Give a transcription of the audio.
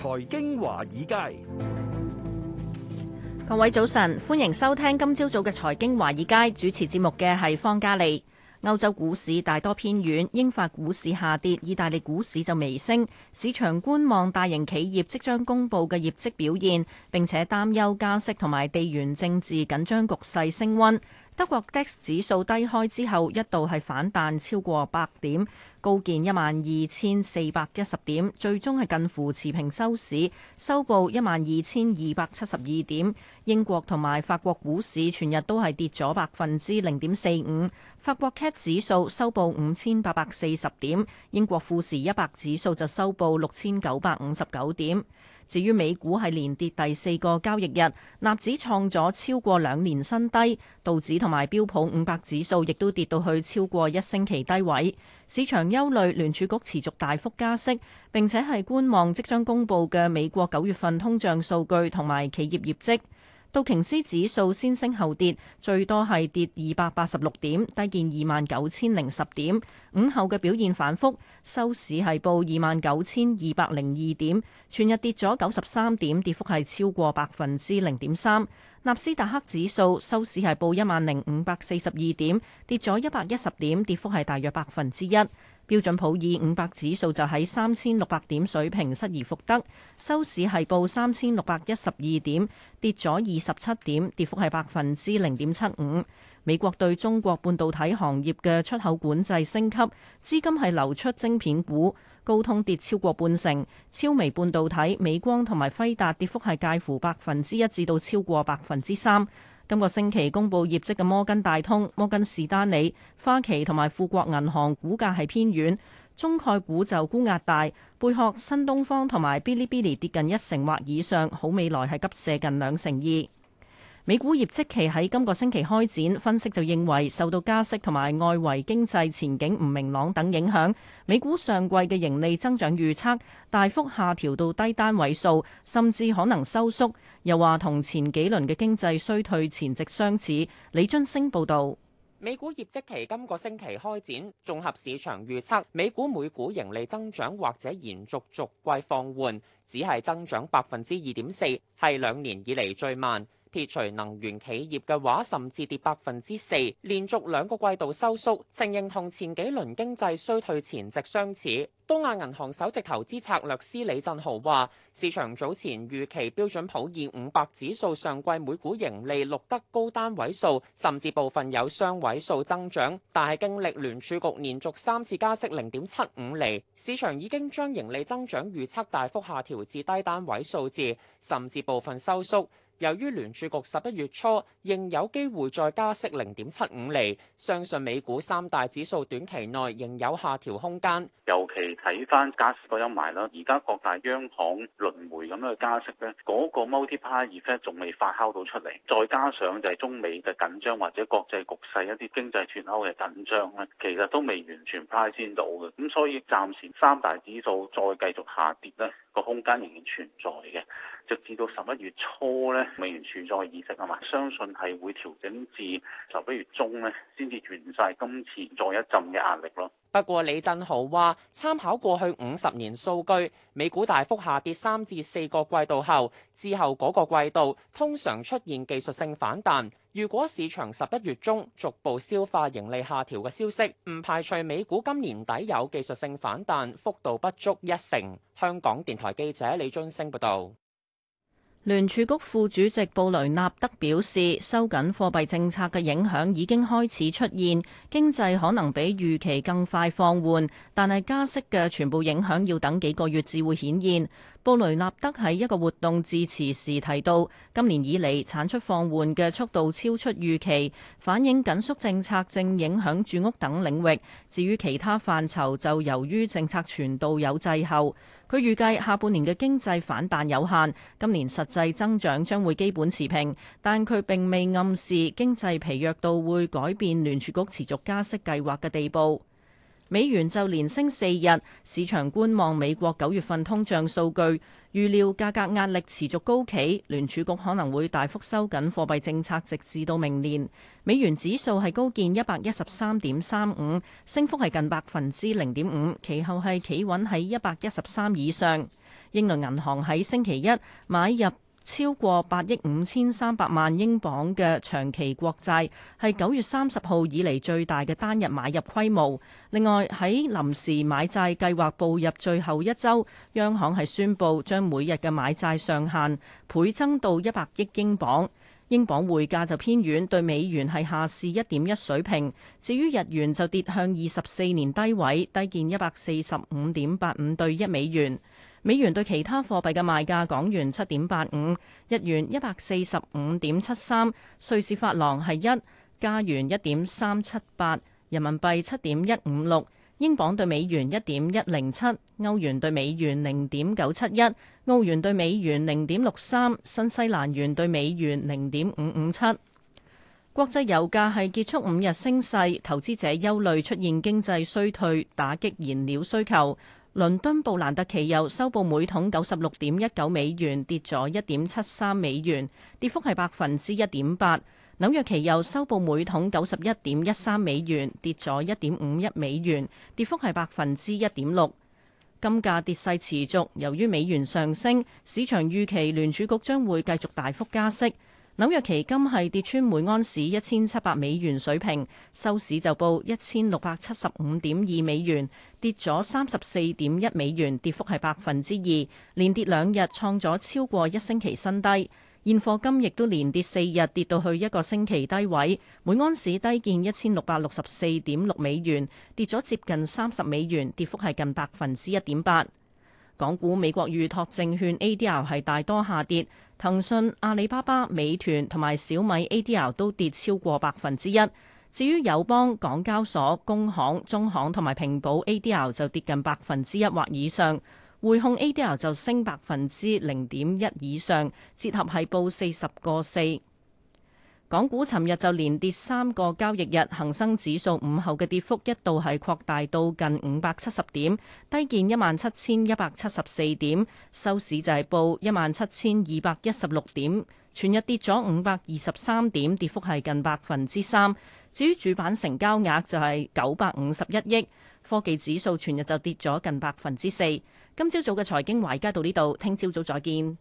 財經華爾街，各位早晨，歡迎收聽今朝早嘅財經華爾街，主持節目嘅係方嘉利。歐洲股市大多偏軟，英法股市下跌，意大利股市就微升。市場觀望大型企業即將公佈嘅業績表現，並且擔憂加息同埋地緣政治緊張局勢升溫。德國 DAX 指數低開之後，一度係反彈超過百點，高見一萬二千四百一十點，最終係近乎持平收市，收報一萬二千二百七十二點。英國同埋法國股市全日都係跌咗百分之零點四五。法國 CAC 指數收報五千八百四十點，英國富時一百指數就收報六千九百五十九點。至於美股係連跌第四個交易日，納指創咗超過兩年新低，道指同埋標普五百指數亦都跌到去超過一星期低位。市場憂慮聯儲局持續大幅加息，並且係觀望即將公佈嘅美國九月份通脹數據同埋企業業績。道瓊斯指數先升後跌，最多係跌二百八十六點，低見二萬九千零十點。午後嘅表現反覆，收市係報二萬九千二百零二點，全日跌咗九十三點，跌幅係超過百分之零點三。納斯達克指數收市係報一萬零五百四十二點，跌咗一百一十點，跌幅係大約百分之一。標準普爾五百指數就喺三千六百點水平失而復得，收市係報三千六百一十二點，跌咗二十七點，跌幅係百分之零點七五。美國對中國半導體行業嘅出口管制升級，資金係流出晶片股。高通跌超過半成，超微半導體、美光同埋輝達跌幅係介乎百分之一至到超過百分之三。今個星期公佈業績嘅摩根大通、摩根士丹利、花旗同埋富國銀行股價係偏軟，中概股就沽壓大。貝殼、新東方同埋 Bilibili 跌近一成或以上，好未來係急瀉近兩成二。美股業績期喺今個星期開展，分析就認為受到加息同埋外圍經濟前景唔明朗等影響，美股上季嘅盈利增長預測大幅下調到低單位數，甚至可能收縮。又話同前幾輪嘅經濟衰退前夕相似。李津升報道，美股業績期今個星期開展，綜合市場預測，美股每股盈利增長或者延續逐季放緩，只係增長百分之二點四，係兩年以嚟最慢。撇除能源企業嘅話，甚至跌百分之四，連續兩個季度收縮，情形同前幾輪經濟衰退前夕相似。東亞銀行首席投資策略師李振豪話，市場早前預期標準普爾五百指數上季每股盈利錄得高單位數，甚至部分有雙位數增長，但係經歷聯儲局連續三次加息零點七五厘，市場已經將盈利增長預測大幅下調至低單位數字，甚至部分收縮。由於聯儲局十一月初仍有機會再加息零點七五厘，相信美股三大指數短期內仍有下調空間。尤其睇翻加息嗰陰霾啦，而家各大央行輪迴咁樣加息咧，嗰、嗰個 multiplier effect 仲未發酵到出嚟。再加上就係中美嘅緊張或者國際局勢一啲經濟脱歐嘅緊張咧，其實都未完全 price in 到嘅。咁所以暫時三大指數再繼續下跌咧。個空間仍然存在嘅，直至到十一月初咧，未元存在意識啊嘛，相信係會調整至十一月中咧，先至完晒今次再一陣嘅壓力咯。不過李振豪話，參考過去五十年數據，美股大幅下跌三至四個季度後，之後嗰個季度通常出現技術性反彈。如果市場十一月中逐步消化盈利下調嘅消息，唔排除美股今年底有技術性反彈，幅度不足一成。香港電台記者李俊升報導。聯儲局副主席布雷納德表示，收緊貨幣政策嘅影響已經開始出現，經濟可能比預期更快放緩，但係加息嘅全部影響要等幾個月至會顯現。布雷納德喺一個活動致辭時提到，今年以嚟產出放緩嘅速度超出預期，反映緊縮政策正影響住屋等領域。至於其他範疇，就由於政策傳導有滯後。佢預計下半年嘅經濟反彈有限，今年實際。增長將會基本持平，但佢並未暗示經濟疲弱到會改變聯儲局持續加息計劃嘅地步。美元就連升四日，市場觀望美國九月份通脹數據，預料價格壓力持續高企，聯儲局可能會大幅收緊貨幣政策，直至到明年。美元指數係高見一百一十三點三五，升幅係近百分之零點五，其後係企穩喺一百一十三以上。英倫銀行喺星期一買入。超過八億五千三百萬英鎊嘅長期國債，係九月三十號以嚟最大嘅單日買入規模。另外喺臨時買債計劃步入最後一周，央行係宣布將每日嘅買債上限倍增到一百億英鎊。英鎊匯價就偏軟，對美元係下試一點一水平。至於日元就跌向二十四年低位，低見一百四十五點八五對一美元。美元對其他貨幣嘅賣價：港元七點八五，日元一百四十五點七三，瑞士法郎係一，加元一點三七八，人民幣七點一五六，英鎊對美元一點一零七，歐元對美元零點九七一，澳元對美元零點六三，新西蘭元對美元零點五五七。國際油價係結束五日升勢，投資者憂慮出現經濟衰退，打擊燃料需求。倫敦布蘭特期油收報每桶九十六點一九美元，跌咗一點七三美元，跌幅係百分之一點八。紐約期油收報每桶九十一點一三美元，跌咗一點五一美元，跌幅係百分之一點六。金價跌勢持續，由於美元上升，市場預期聯儲局將會繼續大幅加息。紐約期金係跌穿每盎司一千七百美元水平，收市就報一千六百七十五點二美元，跌咗三十四點一美元，跌幅係百分之二，連跌兩日，創咗超過一星期新低。現貨金亦都連跌四日，跌到去一個星期低位，每盎司低見一千六百六十四點六美元，跌咗接近三十美元，跌幅係近百分之一點八。港股、美國預託證券 ADR 係大多下跌，騰訊、阿里巴巴、美團同埋小米 ADR 都跌超過百分之一。至於友邦、港交所、工行、中行同埋平保 ADR 就跌近百分之一或以上，匯控 ADR 就升百分之零點一以上，折合係報四十個四。港股尋日就連跌三個交易日，恒生指數午後嘅跌幅一度係擴大到近五百七十點，低見一萬七千一百七十四點，收市就係報一萬七千二百一十六點，全日跌咗五百二十三點，跌幅係近百分之三。至於主板成交額就係九百五十一億，科技指數全日就跌咗近百分之四。今朝早嘅財經華爾街到呢度，聽朝早，早再見。